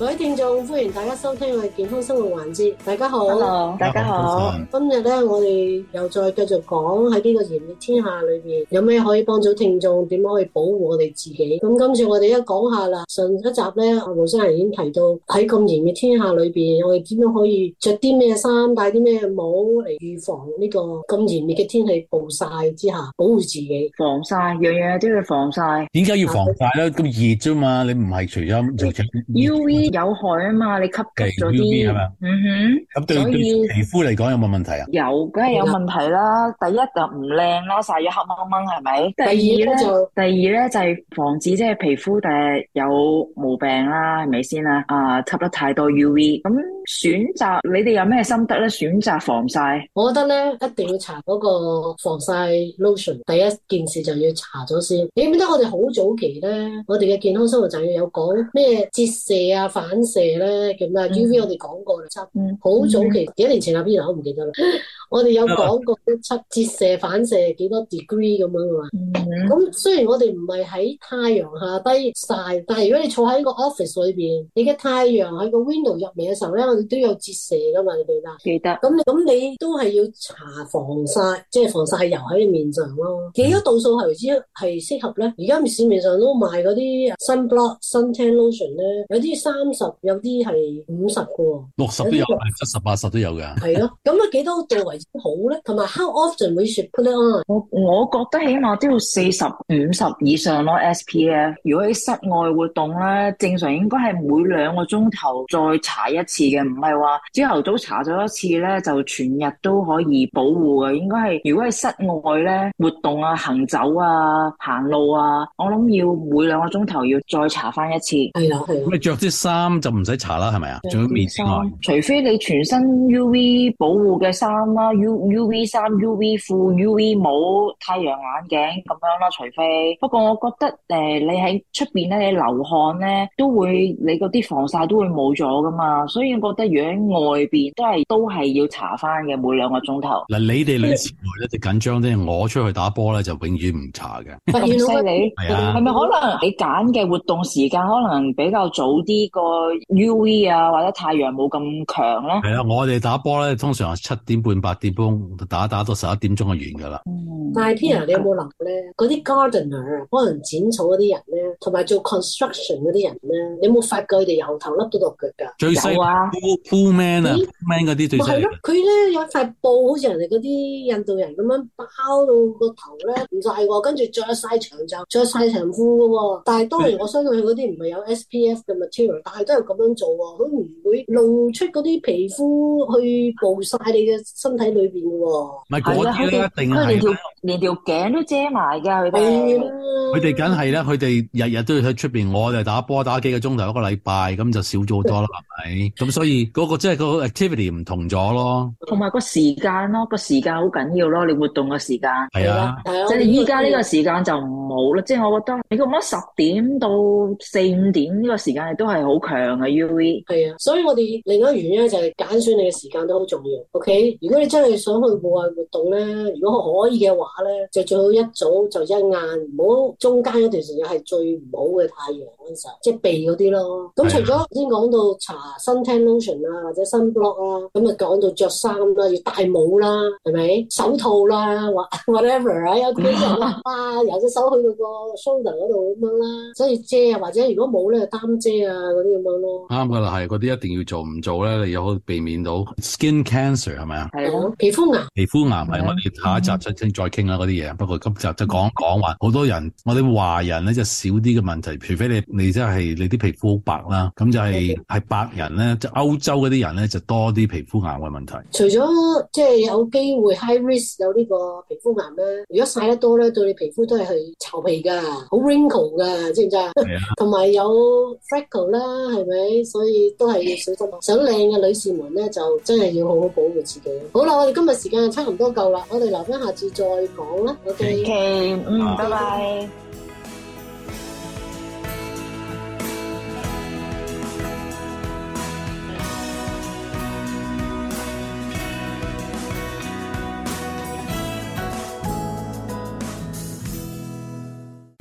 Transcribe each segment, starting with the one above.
各位聽眾，歡迎大家收聽我哋健康生活環節。大家，大家好，大家好。今日咧，我哋又再繼續講喺呢個炎熱天下裏邊，有咩可以幫助聽眾？點樣去保護我哋自己？咁今次我哋一講下啦，上一集咧，盧生已經提到喺咁炎熱天下裏邊，我哋點樣可以着啲咩衫，戴啲咩帽嚟預防呢個咁炎熱嘅天氣暴曬之下，保護自己？防曬，樣樣都要防曬。點解要防曬咧？咁熱啫嘛，你唔係除衫除。U V U. 有害啊嘛，你吸咗啲，嗯哼，所以對皮膚嚟講有冇問題啊？有，梗係有問題啦。第一就唔靚啦，曬咗黑掹掹係咪？第二咧， 第二咧就係、是、防止即係皮膚誒有毛病啦，係咪先啊？啊，吸得太多 U V 咁。選擇你哋有咩心得咧？選擇防曬，我覺得咧一定要查嗰個防曬 lotion 第一件事就要查咗先。你記得我哋好早期咧，我哋嘅健康生活就係有講咩折射啊、反射咧叫咩 UV，我哋講過啦。七好、mm hmm，早期幾年前啊，邊年我唔記得啦。 我哋有講過七折射、反射幾多 degree 咁樣噶嘛。咁、mm hmm，雖然我哋唔係喺太陽下低晒，但係如果你坐喺個 office 裏邊，你嘅太陽喺個 window 入面嘅時候咧，都有折射噶嘛？你記得。記得咁，咁你都係要搽防曬，即係防曬係油喺你面上咯。幾多度數為之係適合咧？而家市面上都賣嗰啲、嗯、sunblock sun tan lotion 咧，有啲三十，有啲係五十嘅喎，六十都有，七十八十都有㗎。係咯，咁啊幾多度為之好咧？同埋 how often you should put it on？我我覺得起碼都要四十、五十以上咯 SPF。如果喺室外活動咧，正常應該係每兩個鐘頭再搽一次嘅。唔係話朝頭早搽咗一次咧，就全日都可以保護嘅。應該係如果係室外咧，活動啊、行走啊、行路啊，我諗要每兩個鐘頭要再搽翻一次。係啊係咁啊着啲衫就唔使搽啦，係咪啊？仲要面外，除非你全身 U V 保護嘅衫啦，U U V 衫、U V 褲、U V 帽,帽、太陽眼鏡咁樣啦。除非，不過我覺得誒、呃，你喺出邊咧，你流汗咧，都會你嗰啲防晒都會冇咗噶嘛，所以我、那個。覺得如果外邊都係都係要查翻嘅，每兩個鐘頭嗱，你哋女士妹咧就緊張啲，我出去打波咧就永遠唔查嘅。咁犀利，係咪 好好可能你揀嘅活動時間可能比較早啲？個 U V 啊，或者太陽冇咁強咧？係啊，我哋打波咧通常七點半、八點半打打到十一點鐘就完噶啦。嗯、但係 Pierre 你有冇諗咧？嗰啲 gardener 啊，可能剪草嗰啲人咧，同埋做 construction 嗰啲人咧，你有冇發覺佢哋由頭笠到到腳噶？最細有啊。l Full man 啊，man 嗰啲最正。咪係咯，佢咧有塊布，好似人哋嗰啲印度人咁樣包到個頭咧，唔曬喎。跟住着晒長袖，着晒長褲噶喎。但係當然我相信佢嗰啲唔係有 S P F 嘅 material，但係都係咁樣做喎、哦，佢唔會露出嗰啲皮膚去暴曬你嘅身體裏邊喎、哦。唔係嗰啲一定係啦，連條連條頸都遮埋噶。佢哋的，佢哋梗係咧，佢哋日日都要喺出邊，我就打波打幾個鐘頭一個禮拜，咁就少咗好多啦，係咪？ 咁所以。嗰、那個即係、就是、個 activity 唔同咗咯，同埋個時間咯，個時間好緊要咯，你活動嘅時間係啊，即係依家呢個時間就冇啦，即係我覺得你咁乜十點到四五點呢個時間都係好強嘅 UV，係啊，所以我哋另外一個原因就係揀選你嘅時間都好重要，OK？如果你真係想去戶外活動咧，如果可以嘅話咧，就最好一早就一晏，唔好中間嗰段時間係最唔好嘅太陽嗰時候，即係避嗰啲咯。咁除咗、啊、先講到查新聽囉。啊，或者 sunblock 啊，咁，啊講到着衫啦，要戴帽啦，係咪手套啦，或 What, whatever 啊 有啲爸爸有隻手去到個 shoulder 嗰度咁樣啦，所以遮啊，或者如果冇咧就擔遮啊，嗰啲咁樣咯，啱噶啦，係嗰啲一定要做。唔做咧你又可避免到 skin cancer 係咪啊？係皮膚癌，皮膚癌係、啊、我哋下一集出傾再傾啦嗰啲嘢。不過今集就講講話好多人，我哋華人咧就少啲嘅問題，除非你你真、就、係、是、你啲皮膚白啦，咁就係、是、係 Okay. 白人咧就歐洲嗰啲人咧就多啲皮膚癌嘅問題，除咗即係有機會 high risk 有呢個皮膚癌咧，如果曬得多咧，對你皮膚都係去皺皮噶，好 wrinkle 噶，知唔知啊？係啊，同埋有 freckle 啦，係咪？所以都係要小心。想靚嘅女士們咧，就真係要好好保護自己。好啦，我哋今日時間差唔多夠啦，我哋留翻下次再講啦。O K，嗯，拜拜。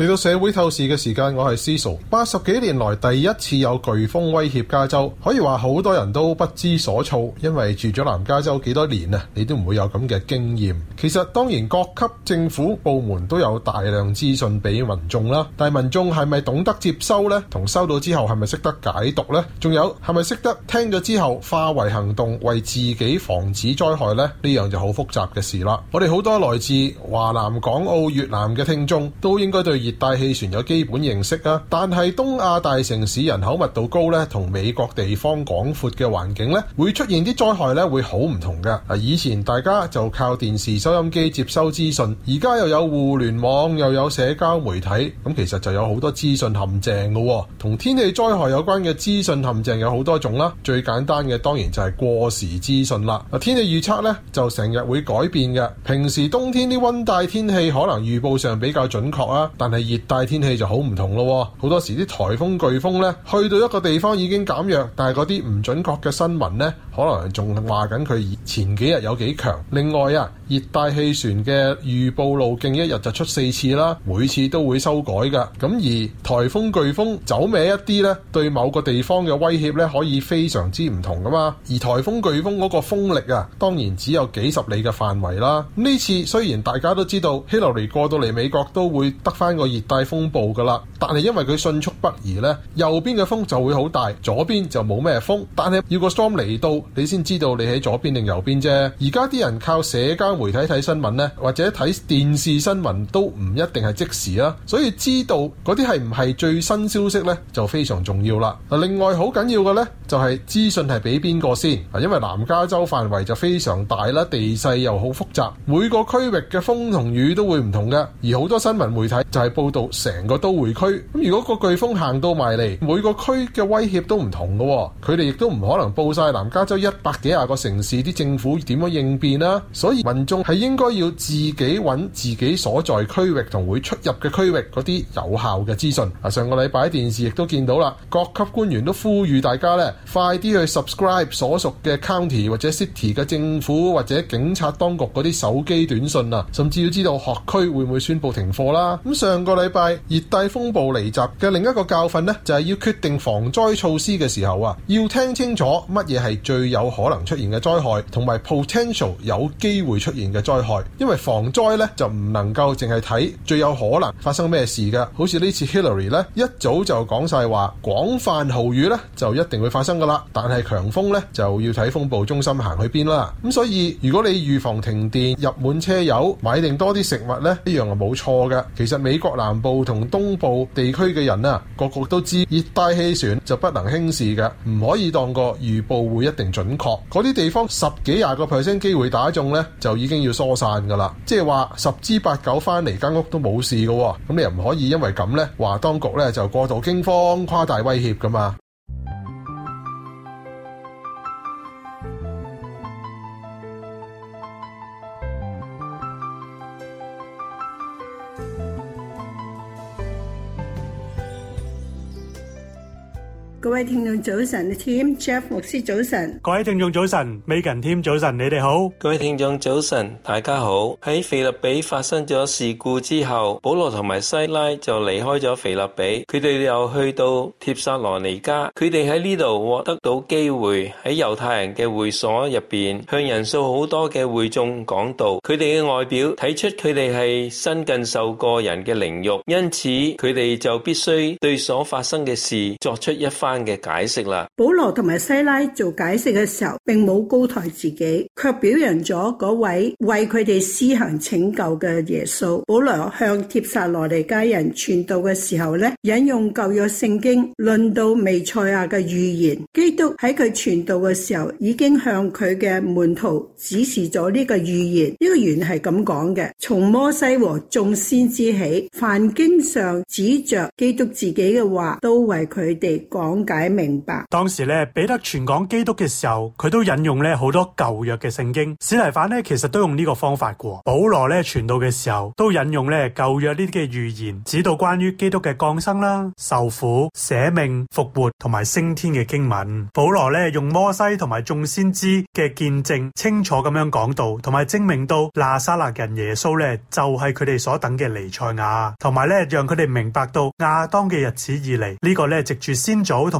嚟到社會透視嘅時間，我係思瑤。八十幾年來第一次有颶風威脅加州，可以話好多人都不知所措，因為住咗南加州幾多年啊，你都唔會有咁嘅經驗。其實當然各級政府部門都有大量資訊俾民眾啦，但係民眾係咪懂得接收呢？同收到之後係咪識得解讀呢？仲有係咪識得聽咗之後化為行動，為自己防止災害呢？呢樣就好複雜嘅事啦。我哋好多來自華南、港澳、越南嘅聽眾，都應該對熱帶氣旋有基本認識啊，但係東亞大城市人口密度高咧，同美國地方廣闊嘅環境咧，會出現啲災害咧會好唔同嘅。啊，以前大家就靠電視、收音機接收資訊，而家又有互聯網，又有社交媒體，咁其實就有好多資訊陷阱噶。同天氣災害有關嘅資訊陷阱有好多種啦，最簡單嘅當然就係過時資訊啦。天氣預測咧就成日會改變嘅，平時冬天啲溫帶天氣可能預報上比較準確啊，但係。熱帶天氣就好唔同咯，好多時啲颱風、颶風呢，去到一個地方已經減弱，但係嗰啲唔準確嘅新聞呢，可能仲話緊佢前幾日有幾強。另外啊，熱帶氣旋嘅預報路徑一日就出四次啦，每次都會修改㗎。咁而颱風、颶風走歪一啲呢，對某個地方嘅威脅呢，可以非常之唔同㗎嘛。而颱風、颶風嗰個風力啊，當然只有幾十里嘅範圍啦。呢次雖然大家都知道希羅尼過到嚟美國都會得返個熱帶風暴噶啦，但係因為佢迅速北移呢，右邊嘅風就會好大，左邊就冇咩風。但係要個 storm 嚟到，你先知道你喺左邊定右邊啫。而家啲人靠社交媒體睇新聞呢，或者睇電視新聞都唔一定係即時啊。所以知道嗰啲係唔係最新消息呢，就非常重要啦。另外好緊要嘅呢，就係資訊係俾邊個先，因為南加州範圍就非常大啦，地勢又好複雜，每個區域嘅風同雨都會唔同嘅，而好多新聞媒體就係、是。報道成個都會區，咁如果個颶風行到埋嚟，每個區嘅威脅都唔同嘅喎，佢哋亦都唔可能報晒南加州一百幾廿個城市啲政府點樣應變啦，啊。所以民眾係應該要自己揾自己所在區域同會出入嘅區域嗰啲有效嘅資訊。啊，上個禮拜電視亦都見到啦，各級官員都呼籲大家呢，快啲去 subscribe 所屬嘅 county 或者 city 嘅政府或者警察當局嗰啲手機短信啊，甚至要知道學區會唔會宣布停課啦。咁上。上個禮拜熱帶風暴嚟襲嘅另一個教訓呢，就係要決定防災措施嘅時候啊，要聽清楚乜嘢係最有可能出現嘅災害，同埋 potential 有機會出現嘅災害。因為防災呢，就唔能夠淨係睇最有可能發生咩事噶，好似呢次 Hillary 呢，一早就講晒話廣泛豪雨呢，就一定會發生噶啦，但係強風呢，就要睇風暴中心行去邊啦。咁所以如果你預防停電、入滿車油、買定多啲食物呢，一樣係冇錯噶。其實美國。南部同東部地區嘅人啊，個個都知熱帶氣旋就不能輕視嘅，唔可以當個預報會一定準確。嗰啲地方十幾廿個 percent 機會打中呢就已經要疏散噶啦。即係話十之八九返嚟間屋都冇事噶，咁你又唔可以因為咁呢，話當局呢就過度驚慌誇大威脅噶嘛。聽眾早晨，阿 Tim Jeff 牧師早晨，各位聽眾早晨，美琴添早晨，你哋好，各位聽眾早晨，大家好。喺腓立比發生咗事故之後，保羅同埋西拉就離開咗腓立比，佢哋又去到帖撒羅尼加，佢哋喺呢度獲得到機會喺猶太人嘅會所入邊向人數好多嘅會眾講道。佢哋嘅外表睇出佢哋係新近受過人嘅凌辱，因此佢哋就必須對所發生嘅事作出一番嘅。嘅解釋啦，保羅同埋西拉做解釋嘅時候，並冇高抬自己，卻表揚咗嗰位為佢哋施行拯救嘅耶穌。保羅向帖撒羅尼迦人傳道嘅時候咧，引用舊約聖經論到彌賽亞嘅預言。基督喺佢傳道嘅時候，已經向佢嘅門徒指示咗呢個預言。呢個預言係咁講嘅：從摩西和眾先知起，凡經上指着基督自己嘅話，都為佢哋講。解明白，當時咧彼得，傳講基督嘅時候，佢都引用咧好多舊約嘅聖經。司提反呢，其實都用呢個方法過。保羅咧傳道嘅時候都引用咧舊約呢啲嘅預言，指到關於基督嘅降生啦，受苦、捨命、復活同埋升天嘅經文。保羅咧用摩西同埋眾先知嘅見證，清楚咁樣講到，同埋證明到拿撒勒人耶穌咧就係佢哋所等嘅彌賽亞，同埋咧讓佢哋明白到亞當嘅日子以嚟，這個，呢個咧藉住，先祖同。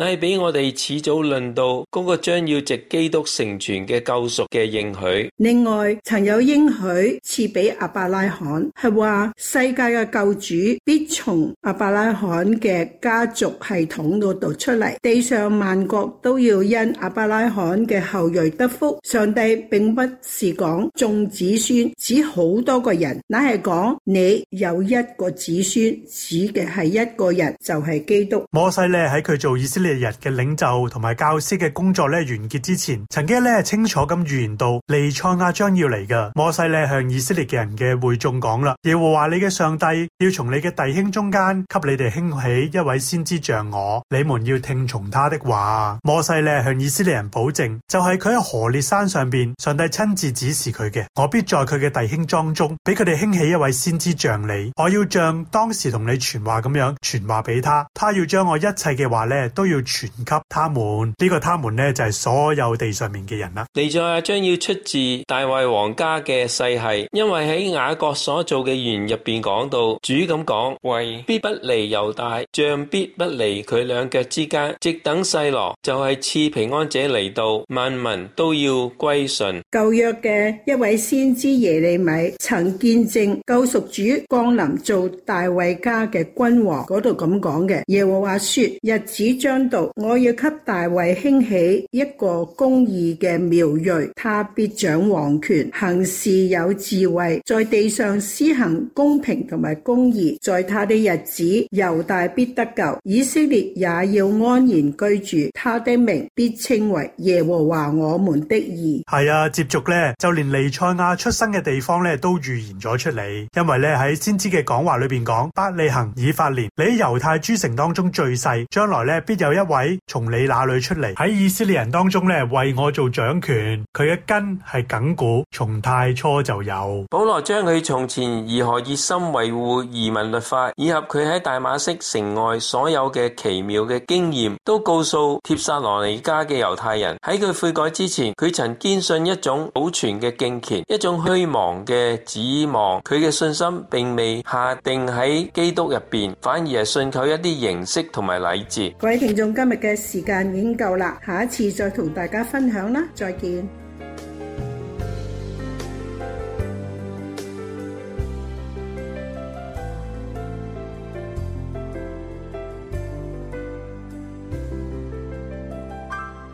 乃係俾我哋始祖論到嗰個將要藉基督成全嘅救贖嘅應許。另外曾有應許賜俾亞伯拉罕，係話世界嘅救主必從亞伯拉罕嘅家族系統度出嚟，地上萬國都要因亞伯拉罕嘅後裔得福。上帝並不是講眾子孫，指好多個人，乃係講你有一個子孫，指嘅係一個人，就係、是、基督。摩西咧喺佢做以色列，日日嘅領袖同埋教師嘅工作咧完結之前，曾經咧清楚咁預言到利賽亞將要嚟嘅。摩西咧向以色列嘅人嘅會眾講啦，耶和華你嘅上帝要從你嘅弟兄中間，給你哋興起一位先知像我，你們要聽從他的話。摩西咧向以色列人保證，就係佢喺荷列山上邊，上帝親自指示佢嘅，我必在佢嘅弟兄莊中間，俾佢哋興起一位先知像你，我要像當時同你傳話咁樣傳話俾他，他要將我一切嘅話咧都要傳給他們呢個，他們呢就係所有地上面嘅人啦。嚟咗一將要出自大衛皇家嘅世系，因為喺雅各所做嘅言入邊講到，主咁講為必不離猶大，將必不離佢兩腳之間，直等細羅就係賜平安者嚟到，萬民都要歸順。舊約嘅一位先知耶利米曾見證救贖主降臨做大衛家嘅君王，嗰度咁講嘅。耶和華說，日子將。我要給大衛興起一個公義嘅苗裔，他必掌王權，行事有智慧，在地上施行公平同埋公義。在他的日子，猶大必得救，以色列也要安然居住。他的名必稱為耶和華我們的義。係啊，接續咧，就連彌賽亞出生嘅地方咧，都預言咗出嚟。因為咧喺先知嘅講話裏邊講，伯利恆以法連，你猶太諸城當中最細，將來咧必有一。一位從你那裡出嚟喺以色列人當中咧，為我做掌權，佢嘅根係梗固，從太初就有。保羅將佢從前如何熱心維護移民律法，以及佢喺大馬色城外所有嘅奇妙嘅經驗，都告訴帖撒羅尼加嘅猶太人。喺佢悔改之前，佢曾堅信一種保存嘅敬虔，一種虛妄嘅指望。佢嘅信心并未下定喺基督入邊，反而係信靠一啲形式同埋禮節。各位聽眾。今日嘅時間已經夠啦，下一次再同大家分享啦。再見。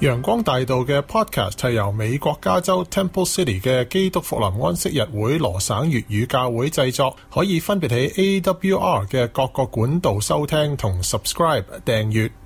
陽光大道嘅 podcast 係由美國加州 Temple City 嘅基督復臨安息日會羅省粵語教會製作，可以分別喺 AWR 嘅各個管道收聽同 subscribe 訂閱。訂閱